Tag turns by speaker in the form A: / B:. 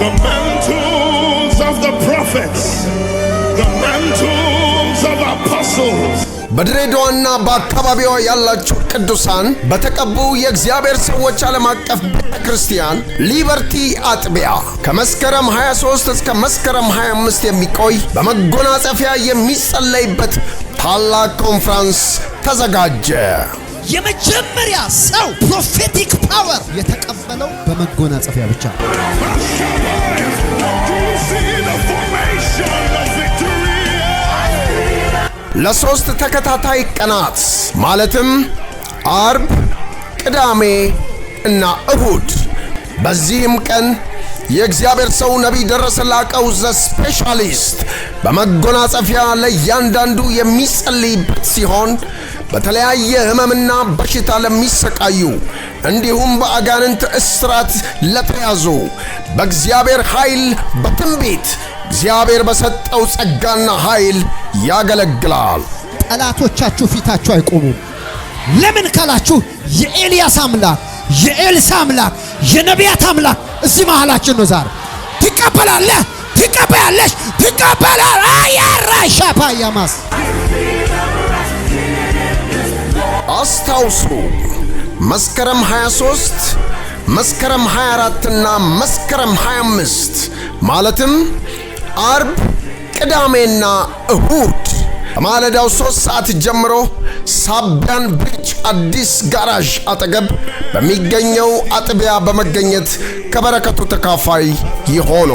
A: the mantles of the prophets, the mantles of apostles.
B: በድሬዳዋና በአካባቢዋ ያላችሁ ቅዱሳን በተቀቡ የእግዚአብሔር ሰዎች ዓለም አቀፍ ቤተ ክርስቲያን ሊበርቲ አጥቢያ ከመስከረም 23 እስከ መስከረም 25 የሚቆይ በመጎናጸፊያ የሚጸለይበት ታላቅ ኮንፍራንስ ተዘጋጀ።
C: የመጀመሪያ ሰው ፕሮፌቲክ ፓወር የተቀበለው በመጎናጸፊያ ብቻ ነው።
B: ለሶስት ተከታታይ ቀናት ማለትም አርብ፣ ቅዳሜ እና እሁድ። በዚህም ቀን የእግዚአብሔር ሰው ነቢይ ደረሰ ላቀው ዘ ስፔሻሊስት በመጎናጸፊያ ለእያንዳንዱ የሚጸልይበት ሲሆን በተለያየ ሕመምና በሽታ ለሚሰቃዩ እንዲሁም በአጋንንት እስራት ለተያዙ በእግዚአብሔር ኃይል በትንቢት እግዚአብሔር በሰጠው ጸጋና ኃይል ያገለግላል።
D: ጠላቶቻችሁ ፊታችሁ አይቆሙም። ለምን ካላችሁ የኤልያስ አምላክ የኤልሳ አምላክ የነቢያት አምላክ እዚህ መሃላችን ነው ዛሬ። ትቀበላለህ፣ ትቀበያለሽ፣ ትቀበላል አያራሻፓያማስ
B: አስታውሱ መስከረም 23 መስከረም 24 እና መስከረም 25 ማለትም አርብ፣ ቅዳሜና እሁድ ከማለዳው ሶስት ሰዓት ጀምሮ ሳቢያን ብሪጅ አዲስ ጋራዥ አጠገብ በሚገኘው አጥቢያ በመገኘት ከበረከቱ ተካፋይ ይሆኑ።